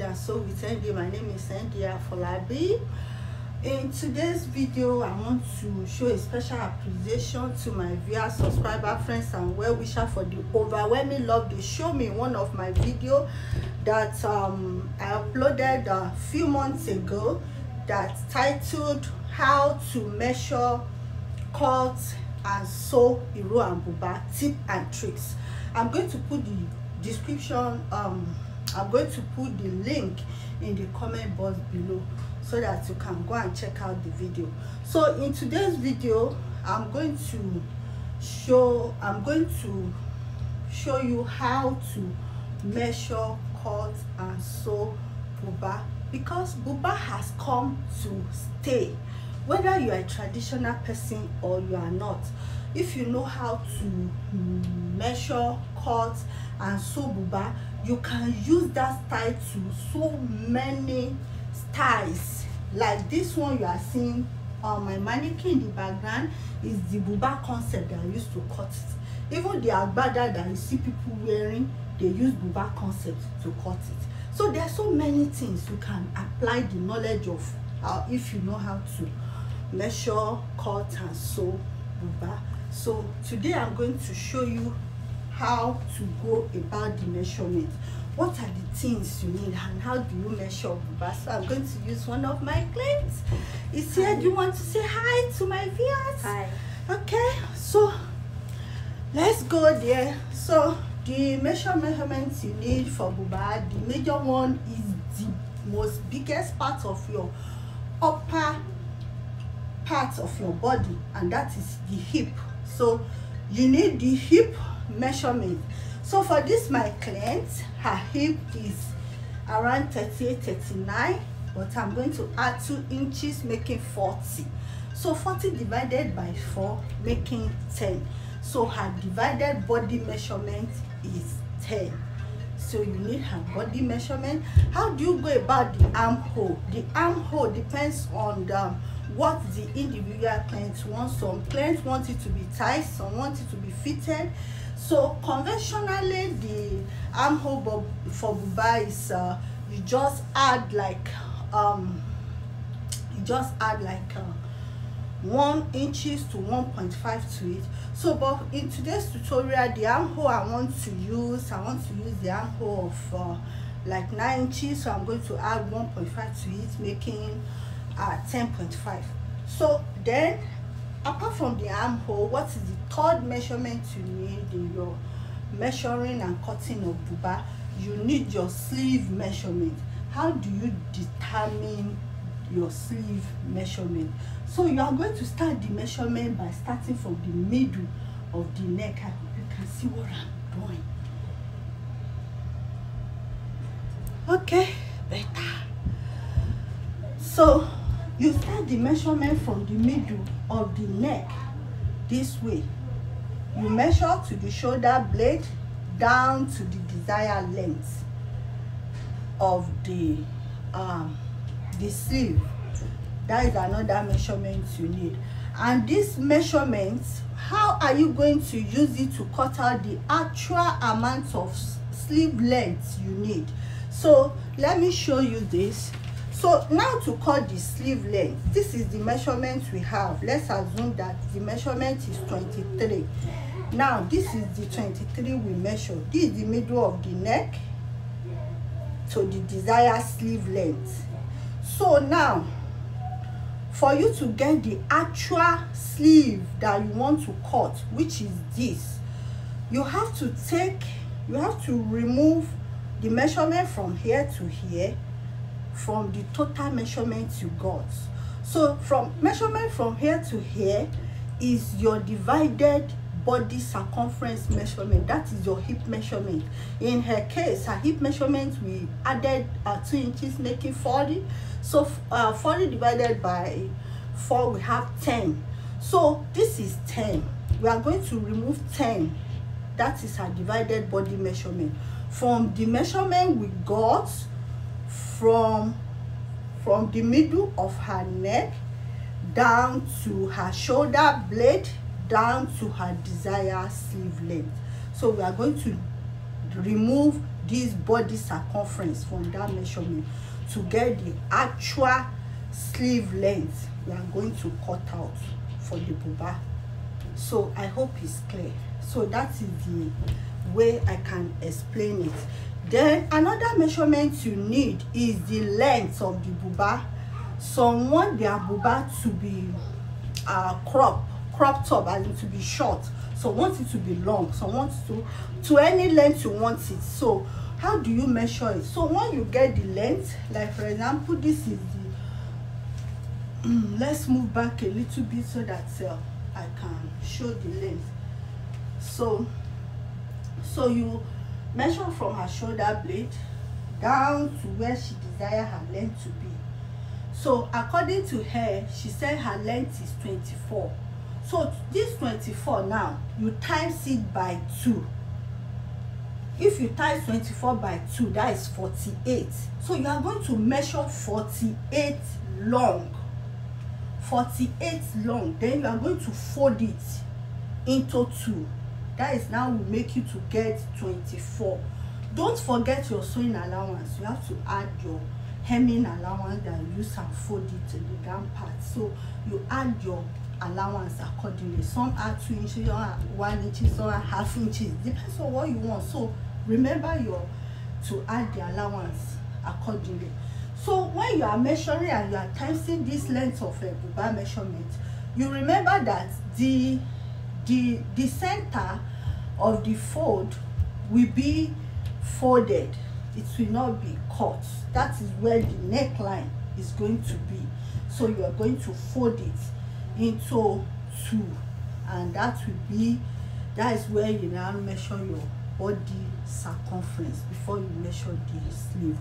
and so with Ndia. My name is Cynthia Folabi. In today's video, I want to show a special appreciation to my viewers, subscriber, friends, and well-wisher for the overwhelming love they show me one of my video that um, I uploaded a few months ago that titled How to Measure Cut and Sew Iro and Buba Tip and Tricks. I'm going to put the description um, i'm going to put the link in the comment box below so that you can go and check out the video so in today's video i'm going to show i'm going to show you how to measure cut and sew buba because buba has come to stay whether you are a traditional person or you are not if you know how to measure cut and sew buba you can use that style to so many styles like this one you are seeing on my mannequin in the background is the buba concept that i used to cut it even the agbada that you see people wearing they use buba concept to cut it so there are so many things you can apply the knowledge of uh, if you know how to measure cut and sew buba so today i'm going to show you how to go about the measurement what are the things you need and how do you measure buba so i'm going to use one of my clients is here do you want to say hi to my viewers hi okay so let's go there so the measure measurements you need for buba the major one is the most biggest part of your upper part of your body and that is the hip so you need the hip measurement so for this my client her hip is around 38 39 but i'm going to add two inches making 40 so 40 divided by four making 10 so her divided body measurement is 10 so you need her body measurement how do you go about the armhole the armhole depends on the, um, what the individual client wants some clients want it to be tight some want it to be fitted So conventionally the armhole for buba is uh, you just add like um, you just add like uh, one inches to one point five to it so but in today's tutorial the armhole i want to use i want to use the armhole of uh, like nine inches so i'm going to add one point five to it making uh five. so then apart from the armhole what is the third measurement you need in your measuring and cutting of buba you need your sleeve measurement how do you determine your sleeve measurement so you are going to start the measurement by starting from the middle of the neck and you can see what i'm doing okay better so you start the measurement from the middle of the neck this way you measure to the shoulder blade down to the desired length of the um, the sleeve that is another measurement you need and this measurement how are you going to use it to cut out the actual amount of sleeve length you need so let me show you this so now to cut the sleeve length this is the measurement we have let's assume that the measurement is 23 now this is the 23 we measure this is the middle of the neck to the desired sleeve length so now for you to get the actual sleeve that you want to cut which is this you have to take you have to remove the measurement from here to here from the total measurement you got. So from measurement from here to here is your divided body circumference measurement that is your hip measurement in her case her hip measurement we added uh, two inches making 40 so uh, 40 divided by four, we have 10 so this is 10 we are going to remove 10 that is her divided body measurement from the measurement we got from from the middle of her neck down to her shoulder blade down to her desired sleeve length so we are going to remove this body circumference from that measurement to get the actual sleeve length we are going to cut out for the buba so i hope it's clear so that is the way i can explain it then another measurement you need is the length of the buba some want their buba to be uh, crop crop top as in to be short some want it to be long some want to to any length you want it so how do you measure it so when you get the length like for example this is the um, let's move back a little bit so that uh, i can show the length so so you measure from her shoulder blade down to where she desire her length to be so according to her she said her length is twenty four. so this twenty four now you times it by two. if you times twenty four by two, that is forty eight. so you are going to measure forty eight long Forty eight long then you are going to fold it into two that is now will make you to get 24 don't forget your sewing allowance you have to add your hemming allowance and use and fold it to the down part so you add your allowance accordingly some are two inches some are one inch, some are half inches depends on what you want so remember your to add the allowance accordingly so when you are measuring and you are testing this length of a eh, buba measurement you remember that the the the center of the fold will be folded it will not be cut that is where the neckline is going to be so you are going to fold it into two and that will be that is where you now measure your body circumference before you measure the sleeve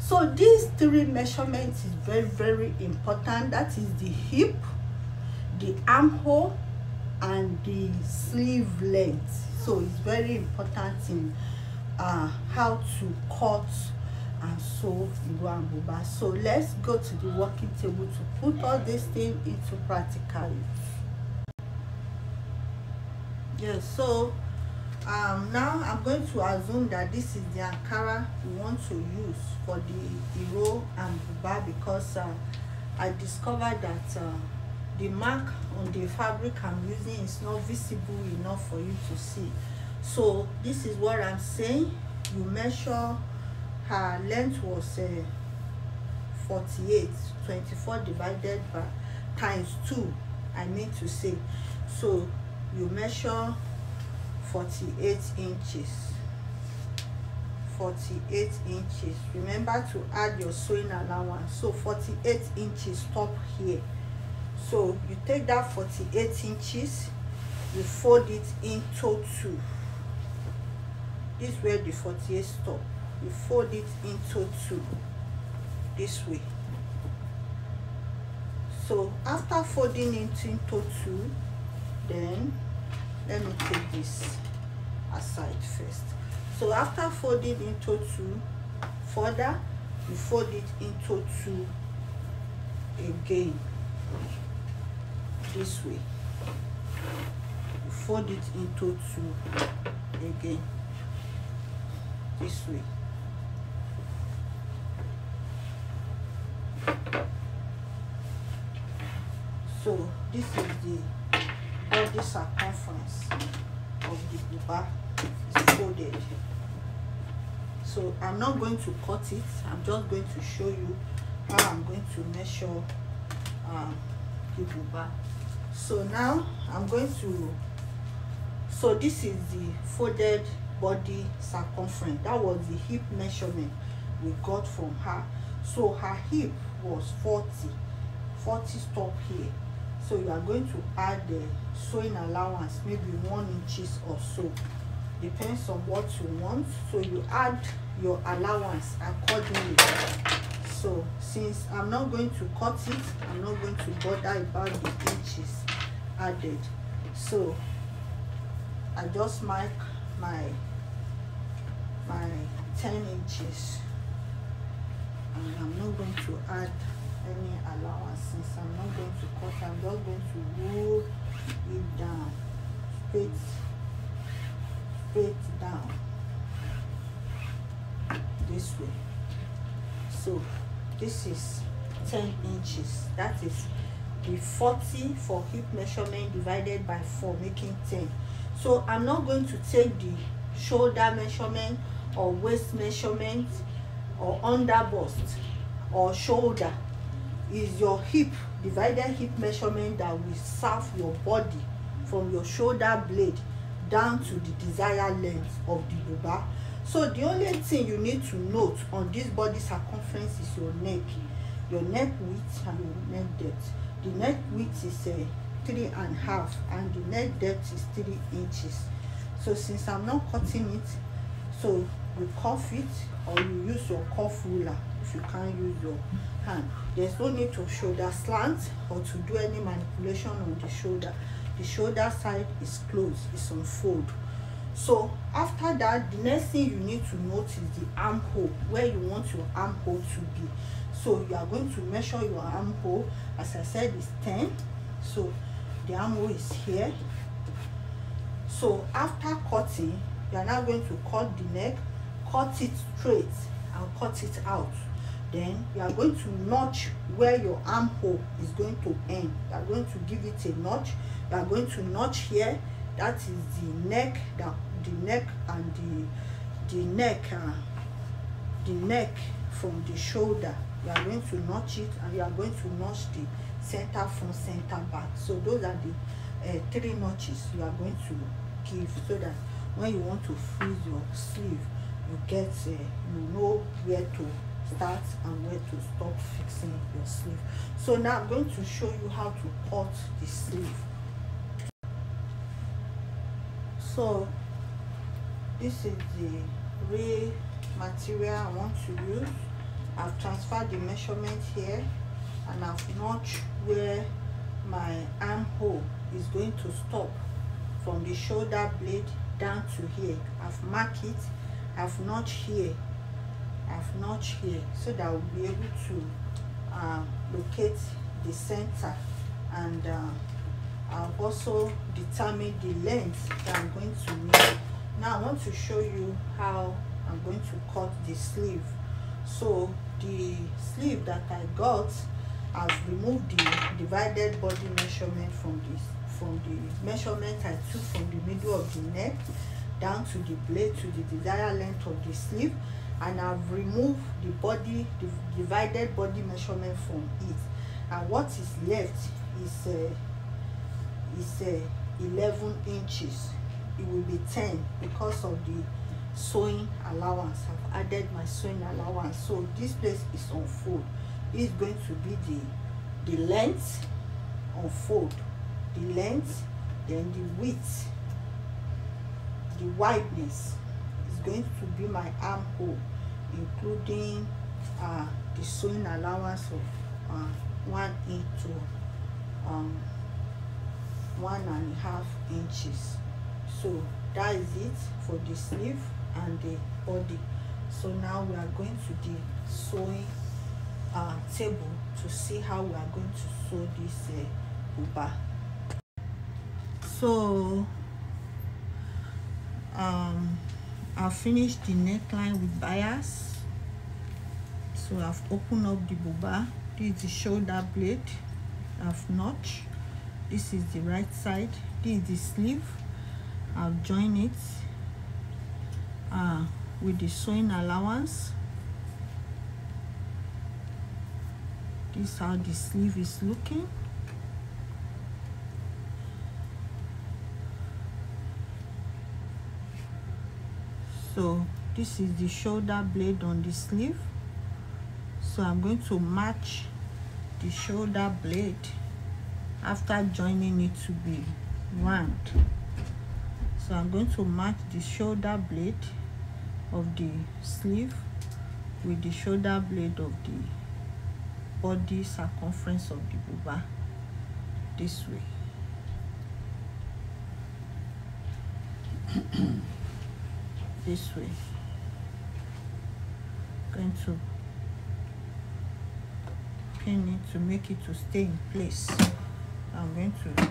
so these three measurements is very very important that is the hip the armhole and the sleeve length so it's very important in uh, how to cut and sew igbo and so let's go to the working table to put all this thing into practical use yes so um, now i'm going to assume that this is the ankara we want to use for the iro and buba because uh, i discovered that uh, the mark on the fabric i'm using is not visible enough for you to see so this is what i'm saying you measure her length was uh, 48 24 divided by times 2 i mean to say so you measure 48 inches 48 inches remember to add your sewing allowance so 48 inches top here so you take that 48 inches you fold it into two this where the 48 stop you fold it into two this way so after folding it into two then let me take this aside first so after folding into two further you fold it into two again this way you fold it into two again this way so this is the body circumference of the buba is folded so i'm not going to cut it i'm just going to show you how i'm going to measure um, the buba so now i'm going to so this is the folded body circumference that was the hip measurement we got from her so her hip was 40 40 stop here so you are going to add the sewing allowance maybe one inches or so depends on what you want so you add your allowance accordingly so since i'm not going to cut it i'm not going to bother about the inches added so i just mark my my 10 inches and i'm not going to add any allowance since i'm not going to cut i'm just going to roll it down fit fit down this way so this is 10 inches that is the 40 for hip measurement divided by 4 making 10 so i'm not going to take the shoulder measurement or waist measurement or under bust or shoulder is your hip divided hip measurement that will serve your body from your shoulder blade down to the desired length of the buba So the only thing you need to note on this body circumference is your neck, your neck width and your neck depth. The neck width is uh, three and a half and the neck depth is three inches. So since I'm not cutting it, so you cuff it or you use your cuff ruler if you can't use your hand. There's no need to shoulder slant or to do any manipulation on the shoulder. The shoulder side is closed, it's on so after that the next thing you need to note is the armhole where you want your armhole to be so you are going to measure your armhole as i said is 10 so the armhole is here so after cutting you are now going to cut the neck cut it straight and cut it out then you are going to notch where your armhole is going to end you are going to give it a notch you are going to notch here that is the neck down the neck and the the neck uh, the neck from the shoulder you are going to notch it and you are going to notch the center from center back so those are the uh, three notches you are going to give so that when you want to freeze your sleeve you get uh, you know where to start and where to stop fixing your sleeve so now i'm going to show you how to cut the sleeve so this is the real material I want to use I've transferred the measurement here and I've notched where my armhole is going to stop from the shoulder blade down to here I've marked it I've notched here I've notched here so that I'll be able to uh, locate the center and uh, and also determine the length that I'm going to make now I want to show you how I'm going to cut the sleeve so the sleeve that I got I've removed the divided body measurement from this from the measurement I took from the middle of the neck down to the blade to the desired length of the sleeve and I've removed the body the divided body measurement from it and what is left is uh, is uh, 11 inches it will be 10 because of the sewing allowance i've added my sewing allowance so this place is on fold it's going to be the the length on fold the length then the width the wideness is going to be my armhole including uh, the sewing allowance of uh, one inch to um, one and a half inches so that is it for the sleeve and the body so now we are going to the sewing uh, table to see how we are going to sew this uh, buba so um i finished the neckline with bias so i've opened up the buba this is the shoulder blade i've notched this is the right side this is the sleeve I'll join it uh, with the sewing allowance this how the sleeve is looking so this is the shoulder blade on the sleeve so I'm going to match the shoulder blade after joining it to be round so i'm going to match the shoulder blade of the sleeve with the shoulder blade of the body circumference of the buba this way this way going to pin it to make it to stay in place I'm going to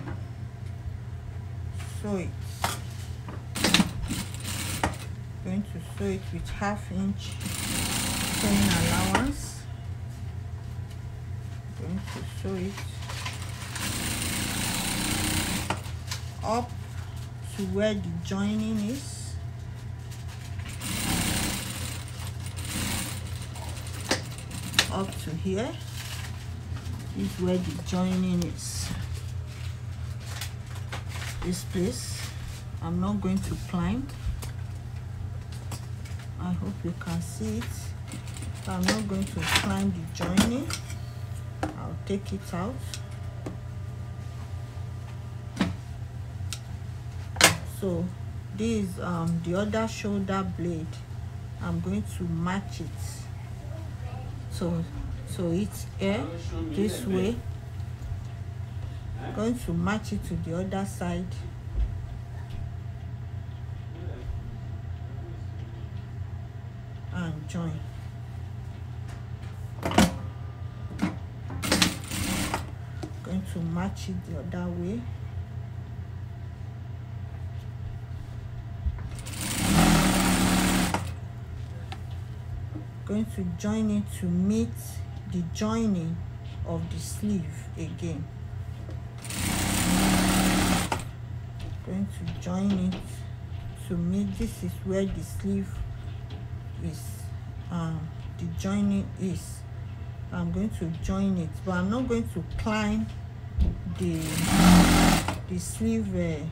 sew it I'm going to sew it with half inch seam allowance I'm going to sew it up to where the joining is up to here is where the joining is this place i'm not going to climb i hope you can see it i'm not going to climb the joining i'll take it out so this um, the other shoulder blade i'm going to match it so so it's here this way going to match it to the other side and join going to match it the other way going to join it to meet the joining of the sleeve again to join it to me. this is where the sleeve is um, the joining is I'm going to join it but I'm not going to climb the the sleeve uh,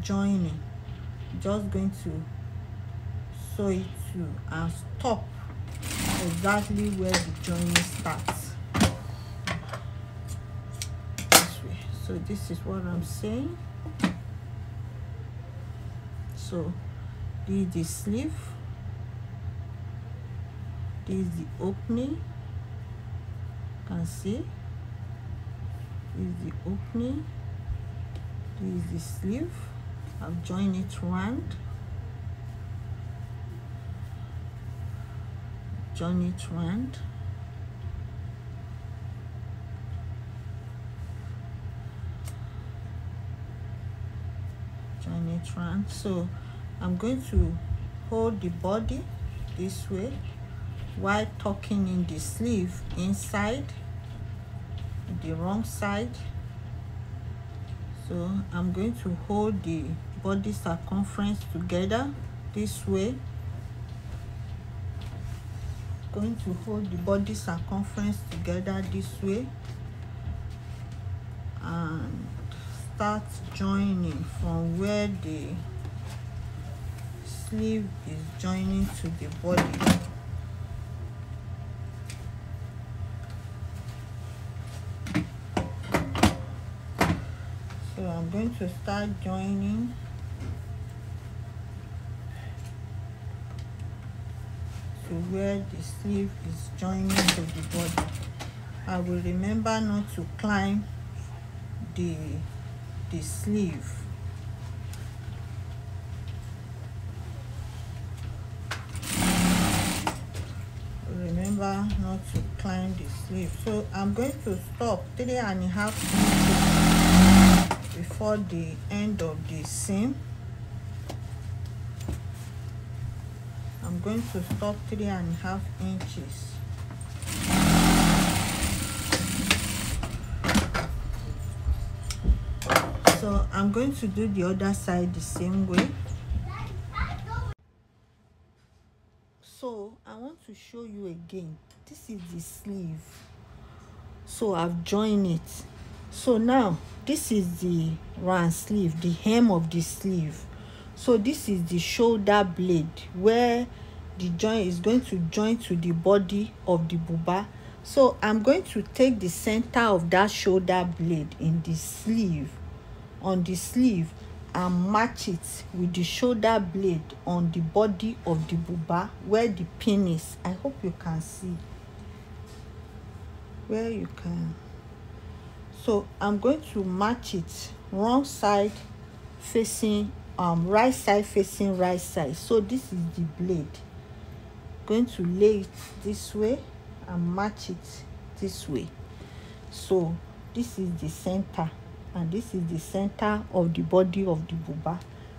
joining just going to sew it to and stop exactly where the joining starts this way so this is what I'm saying so this is the sleeve this is the opening you can see this is the opening this is the sleeve I've joined it round join it round Janitran. So I'm going to hold the body this way while tucking in the sleeve inside the wrong side so i'm going to hold the body circumference together this way going to hold the body circumference together this way and start joining from where the sleeve is joining to the body so I'm going to start joining to where the sleeve is joining to the body I will remember not to climb the the sleeve remember not to climb the sleeve so i'm going to stop three and a half before the end of the seam i'm going to stop three and a half inches I'm going to do the other side the same way so I want to show you again this is the sleeve so I've joined it so now this is the round sleeve the hem of the sleeve so this is the shoulder blade where the joint is going to join to the body of the buba so i'm going to take the center of that shoulder blade in the sleeve on the sleeve and match it with the shoulder blade on the body of the buba where the pin is i hope you can see where you can so i'm going to match it wrong side facing um right side facing right side so this is the blade going to lay it this way and match it this way so this is the center and this is the center of the body of the buba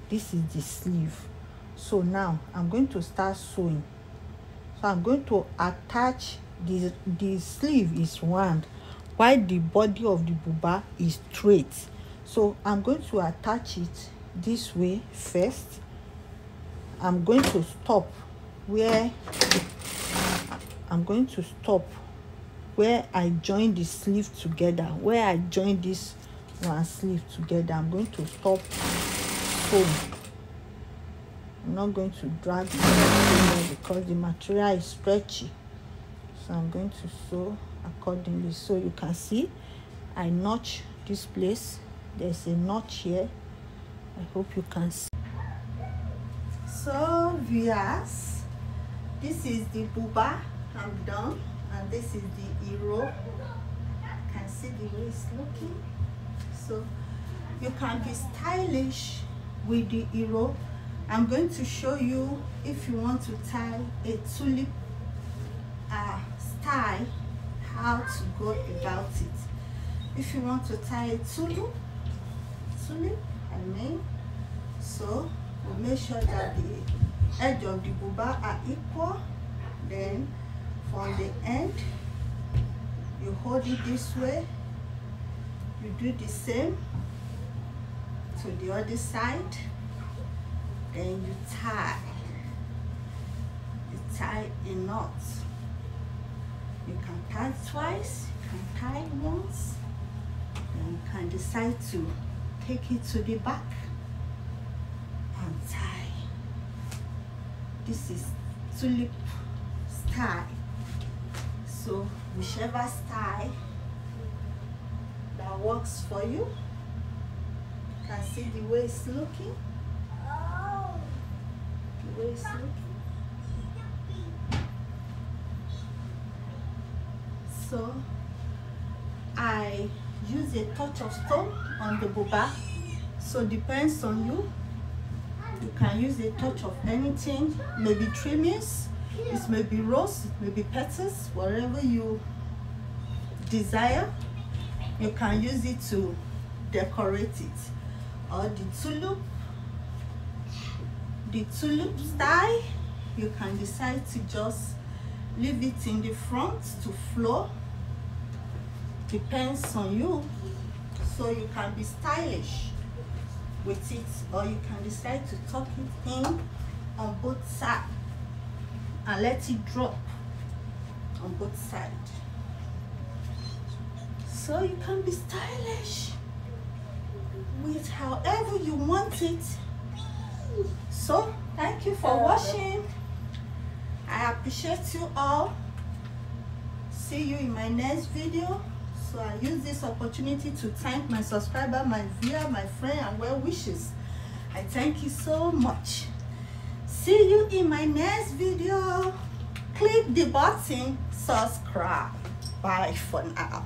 this is the sleeve so now i'm going to start sewing so i'm going to attach this. the sleeve is round while the body of the buba is straight so i'm going to attach it this way first i'm going to stop where i'm going to stop where i join the sleeve together where i join this you and sleeve together i'm going to stop foam i'm not going to drag the because the material is stretchy so i'm going to sew accordingly so you can see i notch this place there's a notch here i hope you can see so viewers this is the buba i'm done and this is the hero can see the way it's looking so you can be stylish with the hero i'm going to show you if you want to tie a tulip uh, style how to go about it if you want to tie a tulip tulip i mean so we make sure that the edge of the buba are equal then from the end you hold it this way you do the same to the other side then you tie you tie a knot you can tie twice you can tie once then you can decide to take it to the back and tie this is tulip style so whichever style that works for you. You can see the way it's looking. The way it's looking. So I use a touch of stone on the boba. So depends on you. You can use a touch of anything, maybe trimmings, it may be rose, it may be petals, whatever you desire. you can use it to decorate it or the tulip the tulip style you can decide to just leave it in the front to flow depends on you so you can be stylish with it or you can decide to tuck it in on both sides and let it drop on both sides So you can be stylish with however you want it. So thank you for watching. I appreciate you all. See you in my next video. So I use this opportunity to thank my subscriber, my viewer, my friend, and well wishes. I thank you so much. See you in my next video. Click the button, subscribe. Bye for now.